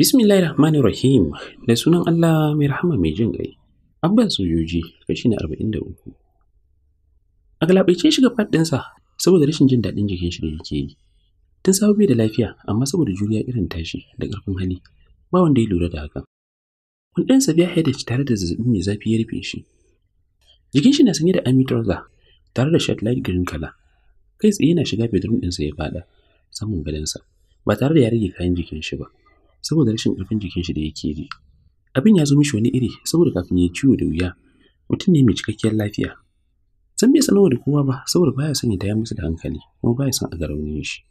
Bismillahir Rahmanir Rahim da sunan Allah mai rahama mai jin kai Abban sojoji kashi na arba'in da uku. A galabaice shiga faɗinsa saboda rashin jin daɗin jikin shi da yake yi. Tun sabo bai da lafiya amma saboda juriya irin tashi da ƙarfin hali ba wanda ya lura da haka. Kundinsa ya haida tare da zazzabi mai zafi ya rufe shi. Jikin shi na sanye da army tare da shirt light green kala kai tsaye yana shiga bedroom sa ya faɗa saman sa, ba tare da ya rage kayan jikin shi ba saboda rashin ƙarfin jikin shi da yake ji abin ya zo mishi wani iri saboda kafin ya ciwo da wuya mutum ne mai cikakkiyar lafiya san bai sanarwa da kowa ba saboda baya son ya taya masa da hankali kuma baya son a ga raunin shi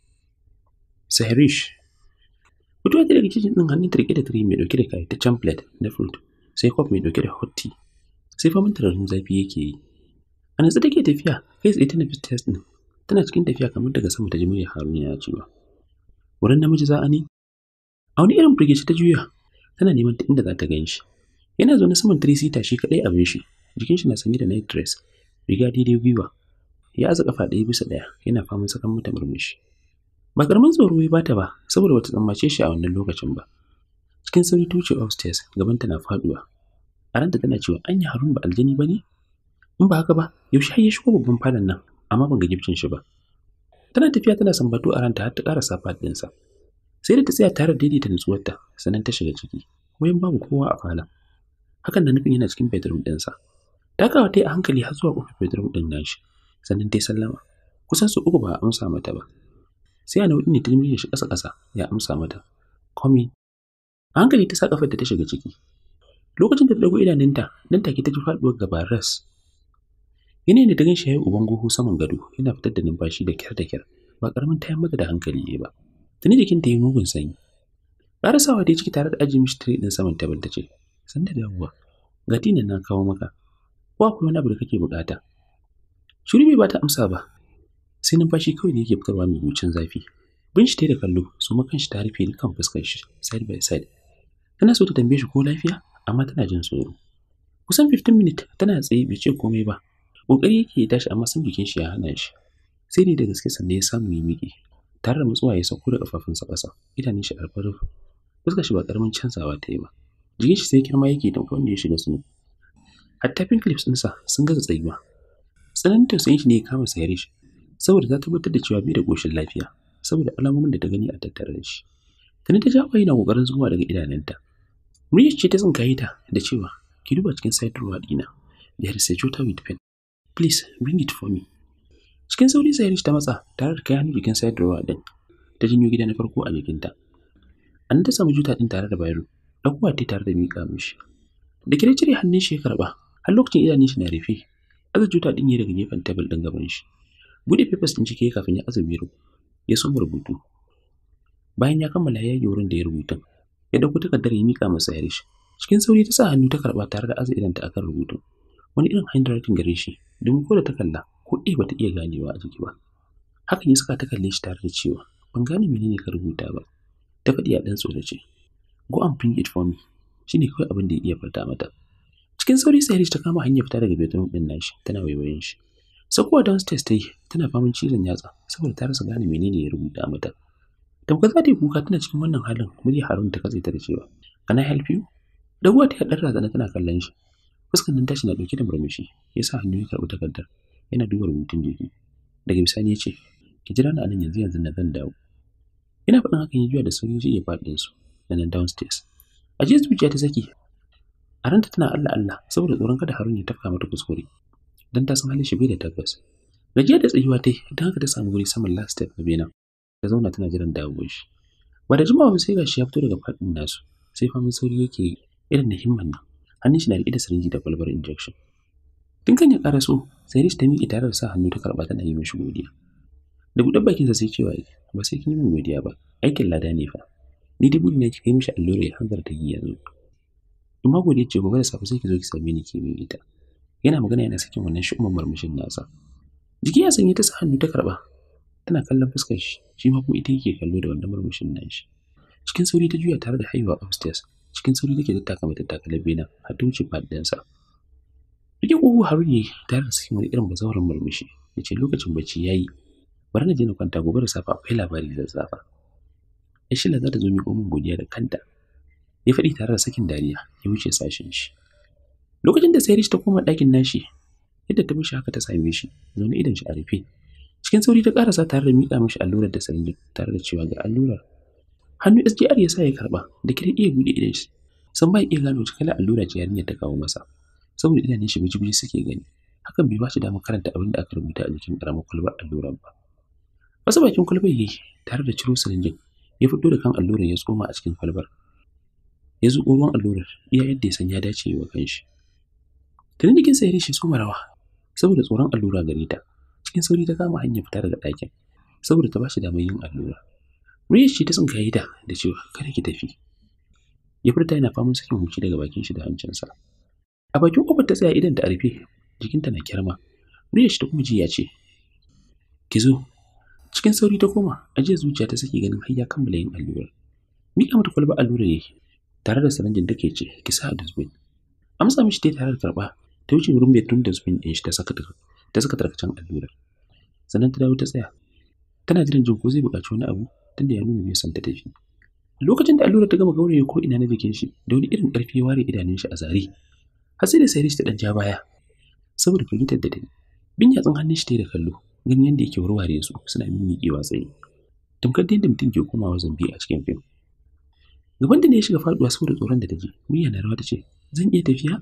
sahirish mutuwa ta daga kicin din hannun tarke da tiri mai dauke da kayataccen plate na fruit sai kwaf mai dauke da hot tea sai famin tararin zafi yake yi a nan take tafiya kai tsaye ta fit test din tana cikin tafiya kamar daga sama ta ji murya haruna ya cewa wurin namiji za a ne a wani irin firgici ta juya tana neman ta inda za ta gan shi yana zaune saman tirisita shi kaɗai abin shi jikin shi na sanye da night dress riga daidai gwiwa ya aza kafa ɗaya bisa ɗaya yana faman sakan mata murmushi ba karamin tsoro ya bata ba saboda bata tsammace shi a wannan lokacin ba cikin sauri tuce upstairs gaban tana faduwa a ranta tana cewa anya harun ba aljani ba ne? in ba haka ba yaushe har ya shigo babban falon nan amma ban ga gifcin shi ba tana tafiya tana sambato a ranta har ta ƙara safa ɗinsa sai da ta tsaya tare da daidaita nutsuwarta sannan ta shiga ciki wayan babu kowa a falon hakan na nufin yana cikin bedroom ɗinsa takawa ta yi a hankali har zuwa ƙofar bedroom ɗin nashi sannan ta yi sallama kusan su uku ba a amsa mata ba sai a nau'in ne ta nemi shi ƙasa-ƙasa ya amsa mata komi a hankali ta sa ƙafar ta shiga ciki lokacin da ta ɗago idanunta nan take ta ji faɗuwar gaba ne da dagan ganshi uban goho saman gado yana fitar da numfashi da kyar da kyar ba karamin tayan yamma da hankali ne ba. Tuni jikinta ta yi mugun sanyi. Ƙarasawa da ya ciki tare da ajin mistri tire saman tabal ta ce, Sanda da yawwa, ga tinan na kawo maka, ko akwai wani abu da kake bukata Shuri bai ba ta amsa ba, sai numfashi kawai da yake fitarwa mai hucin zafi. Bin shi da kallo, su ma kanshi ta rufe dukkan fuskar shi side by side. Tana so ta tambaye shi ko lafiya, amma tana jin tsoro. Kusan 15 minutes tana tsaye bai ce komai ba, kokari yake ya tashi amma san jikin shi ya hana shi sai dai da gaske sannan ya samu ya miƙe tare da mutsuwa ya sauko da ƙafafunsa ƙasa idanun shi alfarin fuskar shi ba ƙaramin canzawa ta yi ba jikin shi sai kirma yake da wanda ya shiga sunu hatta pink lips ɗinsa sun gaza tsayuwa tsananin tausayin shi ne ya kama sayar shi saboda ta tabbatar da cewa bai da ƙoshin lafiya saboda alamomin da ta gani a tattare da shi tani ta jawo yana ƙoƙarin zuwa daga idanunta Muryar ce ta tsinkaye ta da cewa ki duba cikin saitarwa ɗina da cuta with pen Please, bring it for me. Cikin sauri Sairish ta matsa tare da kai hannu jikin da ruwa ɗin. Ta jinyo gida na farko a bikinta An ta samu juta din tare da bayro. Ɗaukuwa ta tare da mika mishi. Da kire cire hannun shi karba har lokacin idanun shi na rufe. Aza juta ɗin ya daga gefen tebul din gaban shi. Buɗe papers ɗin cike kafin ya aza biro. Ya so rubutu. Bayan ya kammala ya yi da ya rubuta, ya ɗauko takardar ya mika masa Sairish. Cikin sauri ta sa hannu ta karba tare da aza idanta akan rubutu. wani irin handwriting gare shi domin ko da ta kalla ko ɗaya bata iya ganewa a ciki ba haka ya saka ta kalle shi tare da cewa ban gane menene ka rubuta ba ta faɗi a ɗan tsorace go and bring it for me ne kawai abin da ya iya furta mata cikin sauri sai ta kama hanyar fita daga bedroom ɗin nashi tana waiwayin shi sakuwa downstairs ta yi tana faman cizon yatsa saboda ta rasa gane menene ya rubuta mata tamkar za ta yi kuka tana cikin wannan halin murya harun ta katse ta da cewa kana help you Dagowa ta ɗan razana tana kallon shi fuskan nan tashi na dauke da murmushi ya sa hannu ya karɓi takardar yana duba rubutun jiki daga bisani ya ce ki jira ni a nan yanzu yanzu na zan dawo Ina faɗin hakan ya juya da sauri zai ya faɗin su da nan downstairs a zuciya ta saki a ranta tana Allah Allah saboda tsoron kada Harun ya tafka mata kuskure dan ta san halin shi bai da tabbas gajiya da tsayuwa ta yi don haka ta samu wuri saman last step na bena ta zauna tana jiran dawo. shi ba da jimawa sai gashi ya fito daga faɗin nasu sai famin sauri yake irin na himman nan hannun shi na riƙe da sirinji da kwalbar injection tun kan ya ƙara so sai rish ta miƙe tare da sa hannu ta karɓa tana yi mishi godiya da gudan bakinsa sai cewa ba sai kin yi min godiya ba aikin lada ne fa ni dai ne ki kai mishi allura ya hanzar ta yi yanzu in ma godiya ce gobe da safe sai ki zo ki same ni ki min ita yana magana yana sakin wannan shi'umar marmashin nasa jiki ya sanya ta sa hannu ta karɓa tana kallon fuskar shi shi ma kuma ita yake kallo da wannan murmushin nashi cikin sauri ta juya tare da haihuwa upstairs cikin sauri take tattaka mai tattakalar bena har ta wuce faɗinsa rike ƙugu harun yayi tare da sakin wani irin bazawarin murmushi ya ce lokacin bacci ya yi bari na je na kwanta gobe da safa akwai labari da safa ya shila za ta zo miƙo min godiya da kanta ya faɗi tare da sakin dariya ya wuce sashen shi lokacin da rishi ta koma ɗakin nashi yadda ta mishi haka ta same shi zaune idon shi a rufe cikin sauri ta ƙarasa tare da miƙa mishi allurar da sarin tare da cewa ga allurar hannu SGR ya sa ya karba da kiran iya bude idan shi san bai iya gano cikin allura ce yarinyar ta kawo masa saboda idanun shi bijibiji suke gani hakan bai ba shi damar karanta abin da aka rubuta a jikin karamar kwalbar allurar ba wasu bakin kwalbar yayi tare da ciro sirinjin ya fito da kan allurar ya tsoma a cikin kwalbar ya zuƙo ruwan allurar iya yadda ya san ya dace wa kanshi tuni jikin sa ya rishe tsoma rawa saboda tsoron allura gare ta cikin sauri ta kama hanyar fita daga ɗakin saboda ta ba shi damar yin allura Muryar shi ta ya yi da cewa kada ki tafi. Ya furta yana faman sakin huci daga bakin shi da hancinsa. A bakin kofar ta tsaya idan ta arfe, jikinta na kyarma. Muryar shi ta kuma jiya ce, Ki zo, cikin sauri ta koma, a jiya zuciya ta sake ganin har ya kammala yin allurar. mika mata kwalba allurar yake, tare da salanjin ke ce, ki sa a dustbin. Amsa mishi ta tare da karɓa, ta wuce wurin tun dustbin ɗin shi ta ta saka tarkacen allurar. Sannan ta dawo ta tsaya, tana jiran jin zai buƙaci wani abu tunda ya nuna mai son ta tafi lokacin da allura ta gama gauraye ko ina na bikin shi da wani irin ƙarfi ya ware idanun shi a zare har sai da shi ta ɗanja ja baya saboda firgitar da ta bin yatsun hannun shi ta da kallo ganin yadda yake warware su suna mimmiƙewa tsaye tamkar da yadda mutum ke komawa zambi a cikin fim gaban da ne ya shiga faɗuwa saboda tsoron da ta ji mun na rawa ta ce zan iya tafiya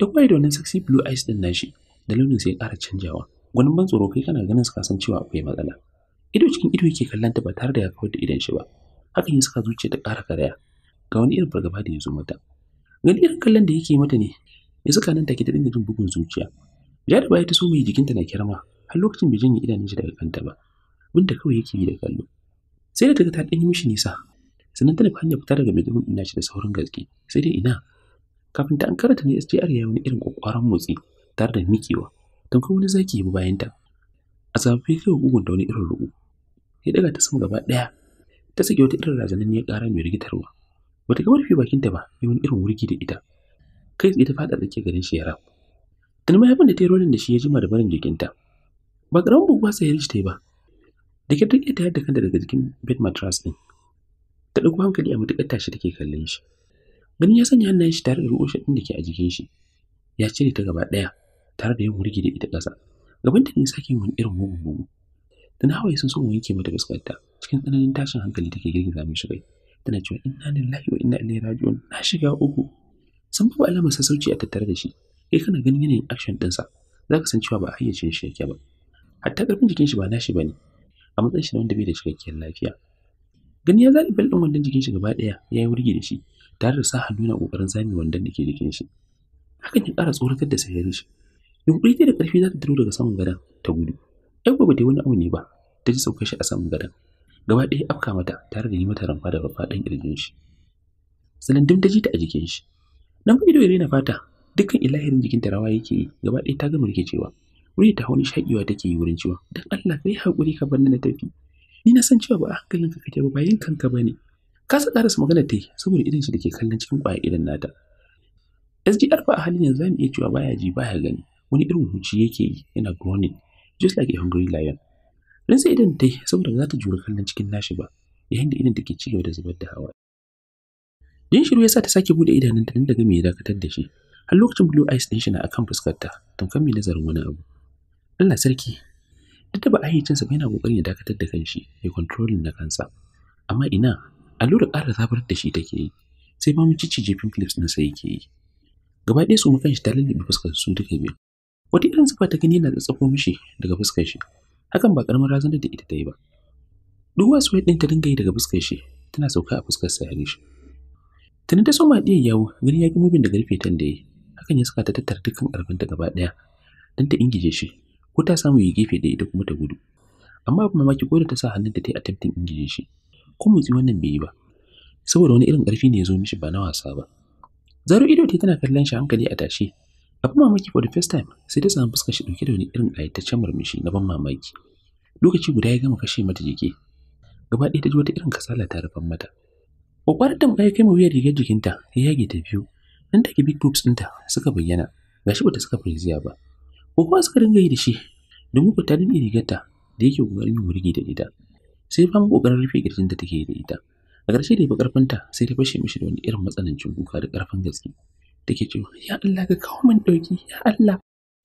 da kwaye da wannan sexy blue eyes ɗin nashi da launin sai ya ƙara canjawa gwanin ban tsoro kai kana ganin su kasan cewa akwai matsala ido cikin ido yake kallon ta ba tare da ya kawar da idan shi ba hakan ya saka zuciya ta ƙara karaya ga wani irin fargaba da ya zo mata gani irin kallon da yake mata ne ya saka nan take ta dinga jin bugun zuciya Ya da baya ta so mai jikinta na kirma har lokacin bai janye idanun shi daga kanta ba binta kawai yake yi da kallo sai da ta ga ta ɗanyi mishi nisa sannan ta nufi hanyar fita daga bedroom ina shi da saurin gaske sai dai ina kafin ta an karata ne SGR ya yi wani irin kwakwaran motsi tare da mikewa kuma wani zaki ya bi bayanta a zafi kai bugun da wani irin rubu ya daga ta sama gaba ɗaya ta sake wata irin razananniyar ƙara mai rigitarwa bata ga bakin bakinta ba ya wani irin wurgi da ita kai tsaye ta faɗa tsakiyar garin shi ya rabu tun mahaifin da ta yi rolin da shi ya jima da barin jikinta ba ƙaramin buguwa sai ya ta yi ba da ke take ta yadda kanta daga jikin bed mattress ɗin ta ɗauko hankali a matuƙar tashi take kallon shi ganin ya sanya hannayen shi tare da ruwan ɗin da ke a jikin shi ya cire ta gaba ɗaya tare da yin wurgi da ita ƙasa gaban ta ne sake yin wani irin mugun dan hawaye sun so mu yanke mata fuskarta cikin tsananin tashin hankali take girgiza mu shigai tana cewa inna lillahi wa inna ilaihi raji'un na shiga uku san babu alamar sassauci a tattare da shi kai eh, kana ganin yanayin action ɗinsa za ka san cewa ba a hayyace shi yake ba hatta ƙarfin jikin shi ba nashi ba ne a matsayin shi na wanda bai da cikakkiyar lafiya gani ya zaɓi bal ɗin wandon jikin shi gaba ɗaya ya yi wurgi da shi tare da sa hannu na ƙoƙarin zame wandon da ke jikin shi hakan ya ƙara tsoratar da sayar shi yunƙuri da ƙarfi za ta duro daga saman gadon ta gudu ɗan ba wani abu ne ba ta ji saukar shi a saman gadon gaba ɗaya afka mata tare da yi mata rumfa da ɗan ƙirjin shi salandum ta ji ta a jikin shi nan ido ya rena fata dukkan ilahirin jikin ta rawa yake yi gaba ɗaya ta gama rikicewa wuri ta hauni shaƙewa take yi wurin ciwon dan Allah kai hakuri ka bar ni na tafi ni na san cewa ba a hankalin ka kake ba bayan kanka bane ka sa karasa magana ta yi saboda idan shi ke kallon cikin ƙwaya idan nata SGR ba a halin yanzu zamu iya cewa baya ji baya gani wani irin huci yake yi yana groaning just like a hungry lion rinsa idan ta yi saboda ba za ta jure kallon cikin nashi ba yayin da idan take ci gaba da zubar da hawa din shiru ya sa ta sake bude idanunta don daga me ya dakatar da shi har lokacin blue eyes din shi na akan fuskarta tamkar mai nazarin wani abu Allah sarki duk da ba a ba yana kokarin ya dakatar da kanshi ya controlling na kansa amma ina allura ƙara zafar da shi take yi sai ma mun cici jefin clips ɗinsa yake yi gaba ɗaya su mu kanshi ta lullube fuskar su duka biyu wata irin zufa ta gani yana tsatsafo mishi daga fuskar shi hakan ba karamin razanar da ita ta yi ba duk wasu ɗin ta dinga yi daga fuskar shi tana sauka a fuskar sa shi tuni ta soma ɗiyar yawo gani ya ƙi mubin da rufe tan da yi hakan ya saka ta tattara dukkan ƙarfinta gaba ɗaya don ta ingije shi ko ta samu yi gefe da ita kuma ta gudu amma abin mamaki ko da ta sa hannun da ta yi attempting ingije shi ko motsi wannan bai yi ba saboda wani irin ƙarfi ne ya zo mishi ba na wasa ba zaro ido ta tana kallon shi hankali a tashi Abin mamaki for the first time sai ta samu fuskar shi dauke da wani irin ayyataccen murmushi na ban mamaki. Lokaci guda ya gama kashe mata jiki. Gaba ɗaya ta ji wata irin kasala ta rufan mata. Kwakwarar da ya kai wuyar rigar jikinta ya yage ta biyu. Nan take big boobs ɗinta suka bayyana. Gashi bata saka firziya ba. kuma suka dinga yi da shi domin ku ta dinga rigarta da yake kokarin yin wurgi da ita. Sai fama kokarin rufe kirjin da take da ita. A ƙarshe da ya fi ƙarfinta sai ta fashe mishi da wani irin matsanancin kuka da ƙarfin gaske. take cewa ya Allah ka kawo min ɗauki ya Allah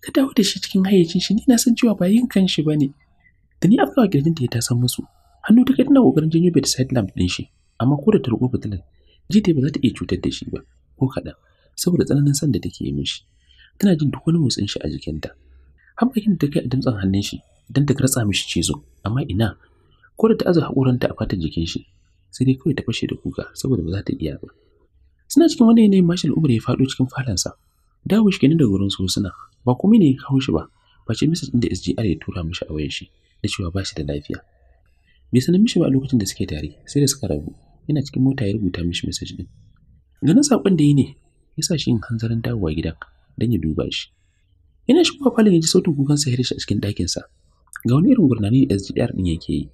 ka dawo da shi cikin hayyacin shi ni na san cewa ba yin kan shi bane da ni afkawa da ya ta san musu hannu ta kai tana ƙoƙarin janyo side lamp din shi amma ko da ta riko fitilar jita ba za ta iya cutar da shi ba ko kaɗan saboda tsananin san da take yi mishi tana jin duk wani motsin shi a jikinta har bakin ta kai a dantsan hannun shi don ta ratsa mishi cizo amma ina ko da ta aza haƙoranta a fatar jikin shi sai dai kawai ta fashe da kuka saboda ba za ta iya ba suna cikin wani yanayin mashal ubar ya faɗo cikin falansa dawo shi da gurin su suna ba kuma ne ya kawo shi ba face misa ɗin da SGR ya tura mishi a wayar shi da cewa ba shi da lafiya bai sanar mishi ba a lokacin da suke tare sai da suka rabu yana cikin mota ya rubuta mishi message ɗin ganin saƙon da yi ne ya sa shi yin hanzarin dawowa gidan don ya duba shi yana kuma falon ya ji sautin kukan sa shi a cikin ɗakinsa ga wani irin gurnani da SGR ɗin yake yi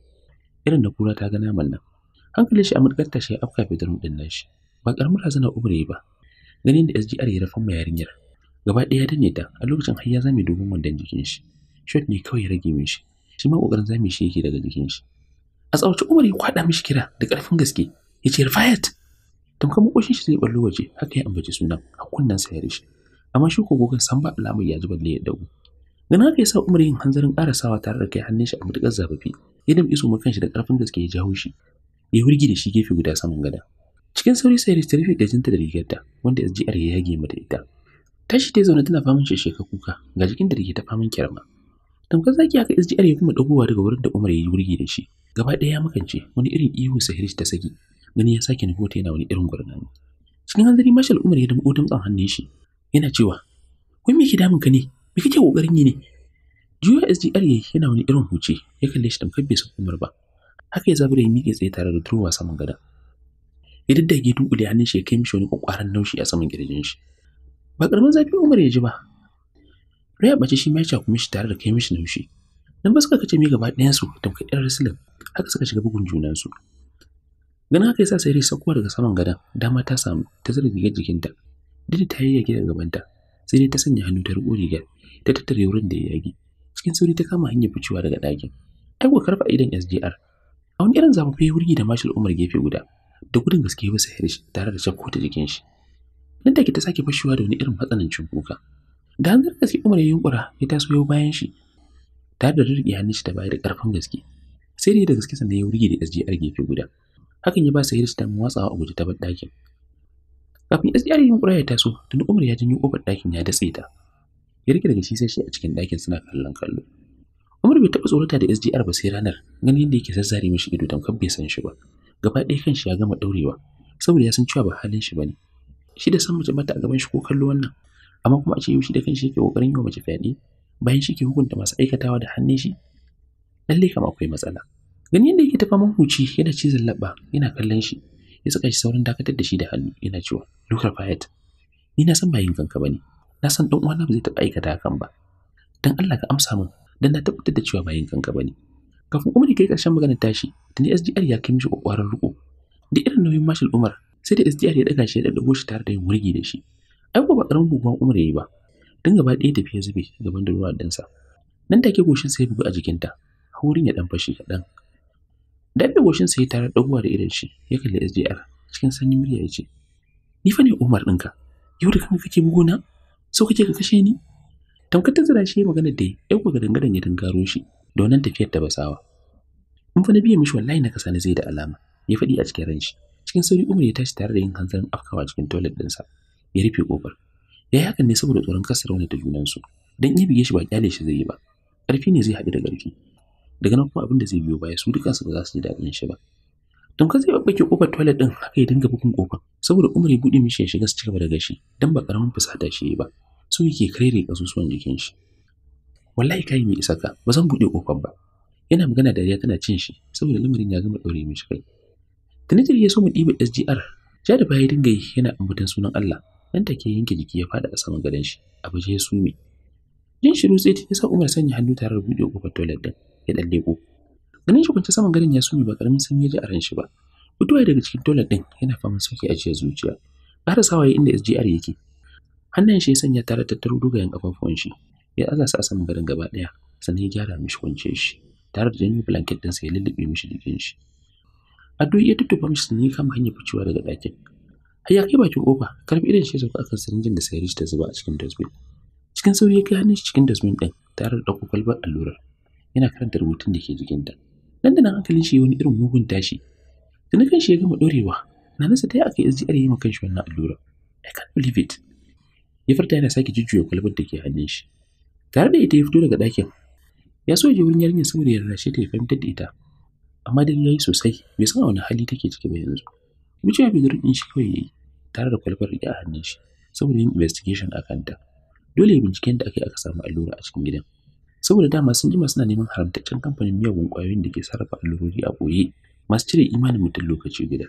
irin da kura ta ga naman nan hankalin shi a murgar tashi ya afka ɗin nashi ba karamar razana Umar ba ganin da SGR ya rafa mai yarinyar gaba ɗaya ya ne ta a lokacin har ya zame dogon wanda jikin shi shot ne kawai ya rage min shi ma kokarin zame shi yake daga jikin shi a tsawacin Umar ya kwada mishi kira da karfin gaske ya ce tun tamkar makoshin shi zai ballo waje haka ya ambaci sunan kunnen sa ya rishi amma shi ko gogon san ba alamar ya ji balle ya dago ganin haka ya sa Umar yin hanzarin karasawa tare da kai hannun shi a mutukar zafafi ya dam iso makan shi da karfin gaske ya jawo shi ya wurgi da shi gefe guda saman gada Cikin sauri sai ta rufe jinta da rigarta wanda SGR ya yage mata ita. Tashi ta zaune tana faman sheka kuka ga jikin da ta faman kirma. Tamkar zaki haka SGR ya kuma dagowa daga wurin da Umar ya yi wurgi da shi. Gaba ɗaya ya makance wani irin ihu Sahir ta saki gani ya sake nufo ta yana wani irin gurnani. Cikin hanzari mashal Umar ya damƙo damtsan hannun shi yana cewa wai me ke damun ka ne me kake kokarin yi ne juya SGR ya yana wani irin huce ya kalle shi tamkar bai san Umar ba haka ya zabi da miƙe tsaye tare da turowa saman gada ya daddage da hannun shi ya kai mishi wani kwakwaran naushi a saman kirjin shi ba karamin zafi Umar ya ji ba Raya bace shi ma ya cakumi shi tare da kai mishi naushi dan ba suka kace mi gaba ɗayan su tamkar ɗan rasulun haka suka shiga bugun junan su ganin haka yasa sai rai sakuwa daga saman gadan dama ta samu ta zara rigar jikinta duk ta yi yage daga gabanta sai dai ta sanya hannu ta riƙo rigar ta tattare wurin da ya yage cikin sauri ta kama hanyar ficewa daga ɗakin ai kuwa karfa idan SJR a wani irin zamu wurgi da mashal Umar gefe guda da gudun gaske bisa sayar shi tare da jakko ta jikin shi nan ke ta sake fashewa da wani irin matsanancin kuka da hanzar gaske umar ya yunkura ya taso yau bayan shi tare da rike hannun shi da baya da karfin gaske sai ya da gaske sannan ya wurge da SGR gefe guda hakan ya ba sayar shi ta watsawa a guje ta bar ɗakin kafin SGR ya yunkura ya taso tun umar ya janyo kofar ɗakin ya datse ta ya rike daga shi sai shi a cikin ɗakin suna kallon kallo Umar bai taɓa tsorata da SGR ba sai ranar ganin yadda yake zazzare mishi ido tamkar bai san shi ba. gaba ɗaya kan shi ya gama ɗaurewa saboda ya san cewa ba halin shi bane shi da san mace mata a gaban shi ko kallo wannan amma kuma a ce shi da kanshi yake kokarin yi wa mace fyaɗe bayan shi ke hukunta masu aikatawa da hannun shi lallai kama akwai matsala gani yadda yake tafa mahuci yana cizon laɓa, yana kallon shi ya saka shi saurin dakatar da shi da hannu yana cewa Lukar Fayet ni na san bayin kanka kanka bane na san ɗan uwana ba zai taɓa aikata kan ba dan Allah ka amsa min dan na tabbatar da cewa bayin kanka bane kafin Umar ya kai ƙarshen maganar tashi da ni SDR ya kai mishi ƙwaƙwaran riko da irin nauyin Marshal Umar sai da SDR ya daga shi ya dago shi tare da yin wurgi da shi ai ba karamin buguwan Umar yayi ba dan gaba ɗaya ya zube gaban da ruwa ɗansa. nan take goshin sa ya bugu a jikinta haurin ya dan fashe kaɗan dan da goshin sa ya tare dagowa da irin shi ya kalli SDR cikin sanyin murya ya ce ni fa ne Umar ɗinka yau da kanka kake bugona so kake ka kashe ni tamkar ta zira shi magana da ya ga dangadan ya dangaro shi domin tafiyar ta basawa in fa na biye mishi wallahi na kasa zai da alama ya faɗi a cikin ranshi cikin sauri umar ya tashi tare da yin hanzarin afkawa cikin toilet ɗinsa ya rufe kofar ya yi hakan ne saboda tsoron kasa rauni da junansu don iya bige shi ba kyale shi zai yi ba ƙarfi ne zai haɗu da ƙarfi daga nan kuma abin da zai biyo baya su dukansu ba za su ji daɗin shi ba don ka zai babbake kofar toilet ɗin haka ya dinga bugun kofar saboda umar ya buɗe mishi ya shiga su cigaba da gashi don ba ƙaramin fusata shi ba su yake kare kasusuwan jikin shi wallahi kai mai isa ka ba zan buɗe kofar ba yana magana da ya tana cin shi saboda lamarin ya gama ɗaure mishi kai tunatar ya so mu ɗiba sgr ja da baya dinga yi yana ambatan sunan allah nan take yanke jiki ya fada a saman gadon shi a baje ya sume jin shiru sai ta sa umar sanya hannu tare da buɗe kofar toilet din ya ɗan leko ganin shi kwance saman gadon ya sume ba ƙaramin sanyi ya ji a ran shi ba fitowa daga cikin toilet din yana fama sauki a jiya zuciya ƙara sawaye inda sgr yake hannun shi ya sanya tare tattaro dogayen ƙafafuwan shi ya aza sa a saman garin gaba ɗaya sannan ya gyara mishi kwance shi tare da janyo blanket din ya lullube mishi jikin shi a do ya tuttuba mishi sannan ya kama hanyar ficewa daga ɗakin har ya kai bakin kofa karfi idan shi ya sauka akan sirinjin da sayarish ta zuba a cikin dustbin cikin sauri ya kai hannun shi cikin dustbin ɗin tare da ɗauko kwalbar allurar yana karanta rubutun da ke jikinta nan da nan hankalin shi wani irin mugun tashi da na shi ya gama dorewa na nasa ta yi aka yi SGR yi ma shi wannan allurar I can't believe it ya furta yana sake jujjuya kwalbar da ke hannun shi tare da ita ya fito daga ɗakin ya so ya wurin yarinya saboda ya rarrashe ta ya fahimtar da ita amma dai ya sosai bai san a wani hali take ciki ba yanzu wucewa bai zargin shi kawai ya tare da kwalbar riƙe a hannun shi saboda yin investigation a kanta dole ya binciken da aka yi aka samu allura a cikin gidan saboda dama sun jima suna neman haramtaccen kamfanin miyagun ƙwayoyin da ke sarrafa allurori a ɓoye masu cire imanin mutum lokaci gida.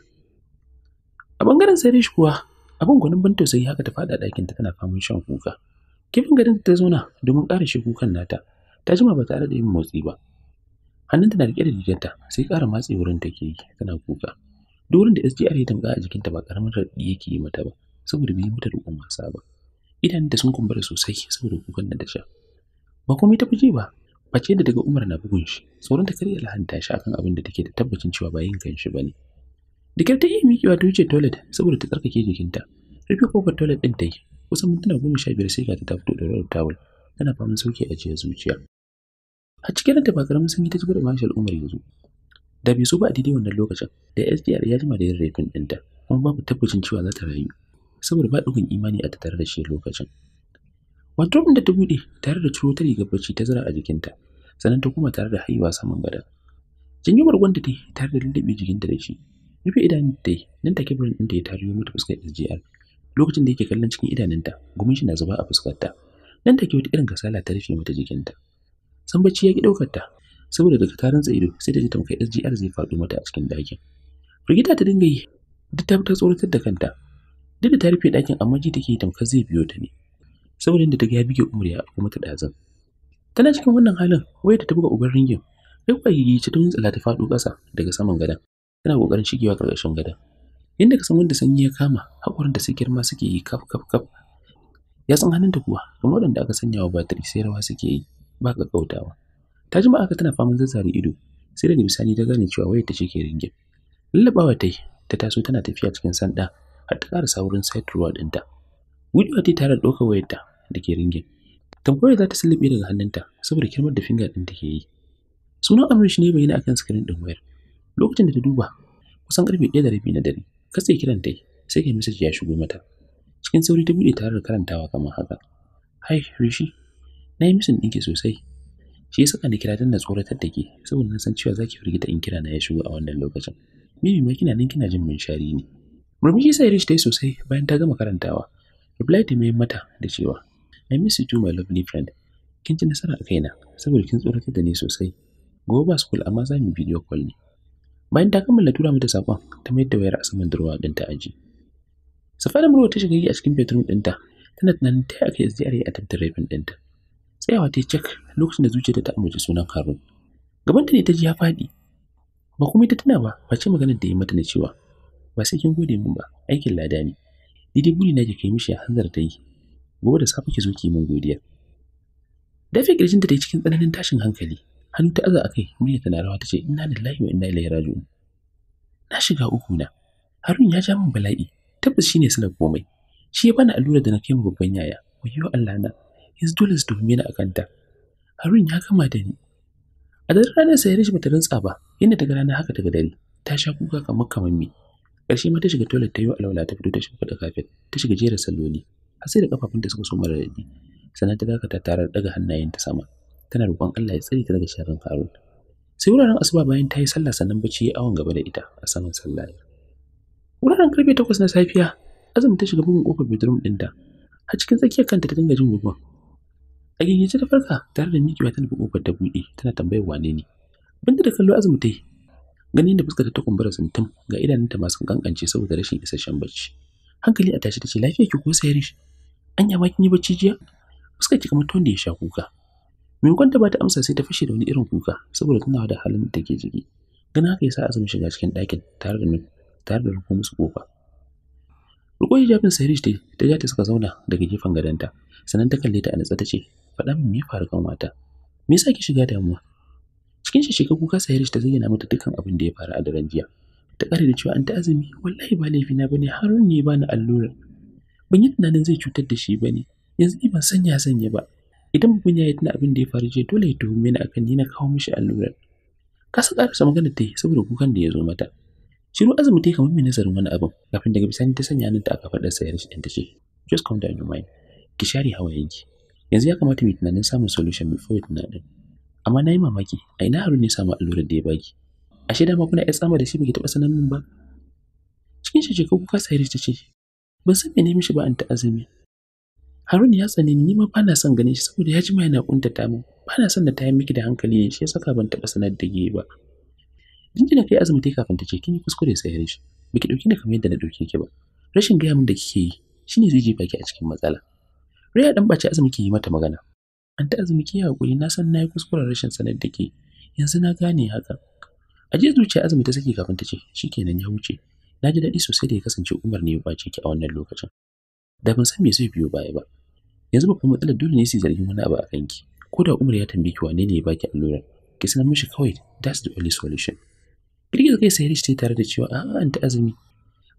a ɓangaren sai kuwa abin gwanin ban tausayi haka ta faɗa ta tana faman shan kuka kifin gadon ta zauna domin ƙara shi kukan nata ta jima ba tare da yin motsi ba hannunta na riƙe da jikinta sai ƙara matse wurin take yi tana kuka duk wurin da SGR ya tamka a jikinta ba ƙaramin raɗi yake yi mata ba saboda bai yi mata roƙon wasa ba idanunta sun kumbura sosai saboda kukan da sha ba komai ta fije ba face da daga Umar na bugun shi sauran ta karya lahanta shi akan abin da take da tabbacin cewa ba yin kanshi bane da kyar ta iya miƙewa ta wuce toilet saboda ta tsarkake jikinta rufe kofar toilet din ta yi kusan mintuna goma sha biyar sai ga ta fito da rawar tawul tana faman sauki a jiya zuciya a cikin ranta ba karamin sanyi ta jibar mashal umar yanzu da bai so ba a daidai wannan lokacin da sdr ya jima da yin rafin ɗinta kuma babu tabbacin cewa za ta rayu saboda ba ɗugun imani a tattare da shi lokacin wato da ta buɗe tare da ciro ta rigar bacci ta zara a jikinta sannan ta kuma tare da haihuwa saman gada? janyo bargon da ta tare da lullube jikinta da shi rufe idanun da ta nan take birnin da ya tariyo mata fuskar sdr lokacin da yake kallon cikin idanunta gumin shi na zuba a fuskarta nan take wata irin kasala ta rufe mata jikinta san bacci ya ki daukar ta saboda daga tarin do sai da ta tamkai SGR zai faɗo mata a cikin dakin rigita ta dinga yi duk ta tsoratar da kanta duk da ta rufe dakin amma ji take tamka zai biyo ta ne saboda da ta ga ya bige umriya kuma ta dazan tana cikin wannan halin wayar ta buga uban ringin duk kwagigici ta tsala ta faɗo ƙasa daga saman gadan tana ƙoƙarin shigewa ƙarƙashin gadan yadda ka san wanda sanyi ya kama haƙurin da su girma suke yi kaf kaf kaf ya san hannunta kuwa kamar waɗanda aka sanya wa batiri sai rawa suke yi ba ka kautawa ta jima aka tana faman zazzare ido sai daga bisani ta gane cewa wayar ta ce ke ringin lallabawa ta yi ta taso tana tafiya cikin sanda har ta ƙara saurin site ruwa ɗinta gujewa ta tare da ɗaukar wayarta da ke ringin tambayar za ta sulluɓe daga hannunta saboda kirmar da finger ɗin take yi sunan amrish ne bayyana akan screen ɗin wayar lokacin da ta duba kusan karfe ɗaya da rabi na dare katse kiran ta sai ga message ya shigo mata cikin sauri ta bude tare da karantawa kamar haka hi rishi na yi ni ɗinki sosai shi ya saka ni kira don na tsoratar da ke saboda na san cewa za ki firgita in kira na ya shigo a wannan lokacin mimi ma kina nan kina jin munshari ne murmushi sai rishi ta yi sosai bayan ta gama karantawa reply ta mai mata da cewa i miss you too my lovely friend kin ci nasara a kaina saboda kin tsoratar da ni sosai gobe ba school amma za mu video call ne bayan ta kammala tura mata sakon ta mayar da wayar a saman durwa din ta aji safara murwa ta shiga yi a cikin bedroom ɗinta tana tunanin ta aka yi SDRA a tabbatar rafin ɗinta tsayawa ta yi cek lokacin da zuciyarta ta amince sunan Harun gabanta ne ta ji ya faɗi ba kuma ta tana ba face maganar da ya mata na cewa ba sai kin gode min ba aikin lada ne dai buri na ke kai mishi a hanzar ta yi gobe da safe ki zo ki min godiya dafe ƙirjinta ta yi cikin tsananin tashin hankali hannu ta aza akai murya tana rawa ta ce inna lillahi wa inna ilaihi raji'un na shiga uku na harun ya ja min bala'i tabbas shine suna komai shi ya bani allura da na kai babban yaya wayo Allah na yanzu dole su dubi na akanta. harun ya kama da ni a daren ranar sai rashi bata rantsa ba inda daga rana haka daga dare ta sha kuka kamar kamammi ƙarshe ma ta shiga toilet ta yi alwala ta fito ta shiga da kafet ta shiga jerin salloli har sai da kafafunta suka so mara daɗi sannan ta dakata tarar daga hannayen ta sama tana roƙon Allah ya tsare ta daga sharrin Harun. Sai wuraren asuba bayan ta yi sallah sannan bacci ya awon gaba da ita a saman sallah. Wuraren karfe takwas na safiya, Azumi ta shiga bugun kofar bedroom ɗinta. a cikin tsakiyar kanta ta dinga jin bugun. A gigice ta farka tare da miƙewa ta nufi kofar ta buɗe tana tambayar wane ne. Binta da kallo Azumi ta yi. Ganin da fuskar ta kumbura sumtum ga idanunta masu kankance saboda rashin isasshen bacci. hankali a tashi ce lafiya ki ko sayar rish. anya ma kin yi bacci jiya fuskar ki kamar ton da ya sha kuka kwanta ba ta amsa sai ta fashe da wani irin kuka saboda tana da halin da take jiki, Gana haka yasa azumi shiga cikin ɗakin tare da tare da rufo musu kofa riko hijabin sarish dai ta ja ta suka zauna daga gefen gadonta sannan ta kalle ta a natsa ta ce faɗa min me faru kan wata me yasa ki shiga damuwa cikin shi shiga kuka sarish ta zayyana mata dukkan abin da ya faru a daren jiya ta ƙare da cewa an ta azumi wallahi ba laifi na bane harun ne ba na allura." ban yi tunanin zai cutar da shi bane yanzu ni ban sanya sanya ba idan mutum ya yi tuna abin da ya faru jiya dole ya tuhume ni akan ni na kawo mishi allurar kasa karasa magana ta yi saboda kukan da ya zo mata shiru azumi ta yi kamar mai nazarin wani abin kafin daga bisani ta sanya ta aka faɗa sayar shi ɗin ta ce just come down your mind ki share yanki yanzu ya kamata mu tunanin samun solution before tunanin amma na yi mamaki a ina harun ne samu allurar da ya baki ashe dama kuna iya tsama da shi bai taɓa sanan ba cikin shi ko kuka sayar ta ce ban san mene mishi ba an ta azumi Harun ya tsane ni ma ba na son ganin shi saboda ya jima yana kuntata min. Ba na son da ta yi miki da hankali ne shi ya saka ban taba sanar da ke ba. kina kai azumi ta kafin ta ce kin yi kuskure sayar shi. rishi. Miki ɗauki ni kamar yadda na ɗauke ki ba. Rashin gaya min da kike yi shine zai jefa ki a cikin matsala. Raya dan bace azumi ki yi mata magana. An ta azumi ki yi hakuri na san na yi kuskuren rashin sanar da ke. Yanzu na gane haka. A jiya zuciya azumi ta saki kafin ta ce shikenan ya wuce. Na ji daɗi sosai da ya kasance Umar ne ya bace ki a wannan lokacin. da ban san me zai biyo baya ba yanzu babban matsalar dole ne su zargin wani abu a kanki ko da umar ya tambaye ki wane ne ya baki allurar ki sanar mishi kawai that's the only solution girgiza kai sai rishi tare da cewa a'a an ta azumi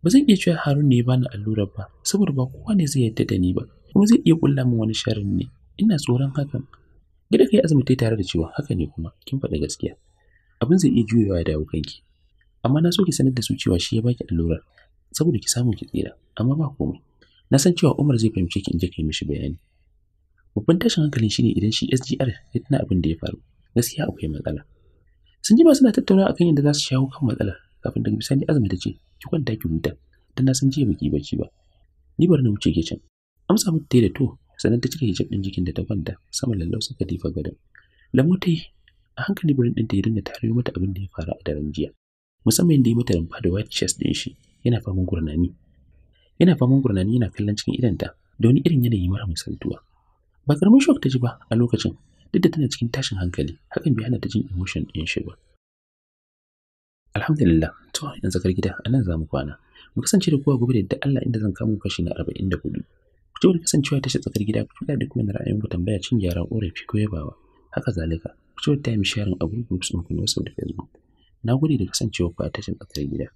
ba zan iya cewa harun ne ya bani allurar ba saboda ba kowa ne zai yadda da ni ba kuma zai iya kulla min wani sharrin ne ina tsoron hakan gida kai azumi tai tare da cewa haka ne kuma kin faɗa gaskiya abin zai iya juyewa ya dawo kanki amma na so ki sanar da su cewa shi ya baki allurar saboda ki samu ki tsira amma ba komai na san cewa Umar zai fahimce ki in je kai mishi bayani babban tashin hankalin shine idan shi SGR ya tana abin da ya faru gaskiya akwai matsala sun ji ba suna tattauna akan yadda za su shawo kan matsala kafin daga bisani azumi ta ce ki kwanta ki huta dan na san jiya baki bacci ba ni bar na wuce ke can amsa mata da to sannan ta cika hijab ɗin jikin da ta kwanta sama lallau suka difa gadon. Lamu ta yi a hankali birin ɗin ta ya dinga tarayo mata abin da ya faru a daren jiya, musamman da ya mata rumfa da white chest ɗin shi yana faman gurnani yana faman gurnani yana kallon cikin idanta da wani irin yanayi mara misaltuwa ba karamin shock ta ji ba a lokacin duk da tana cikin tashin hankali hakan bai hana ta jin emotion ɗin shi ba alhamdulillah to yanzu zakar gida anan za mu kwana mu kasance da kowa gobe da Allah inda zan kama kashi na 44 ku ci kasancewa ta tsakar gida ku da kuma na ra'ayin ku tambaya cin gyara korafi ko yabawa haka zalika ku ci ta sharing a group groups ɗin ku ne wasu da Facebook na gode da kasancewa ku a tashin tsakar gida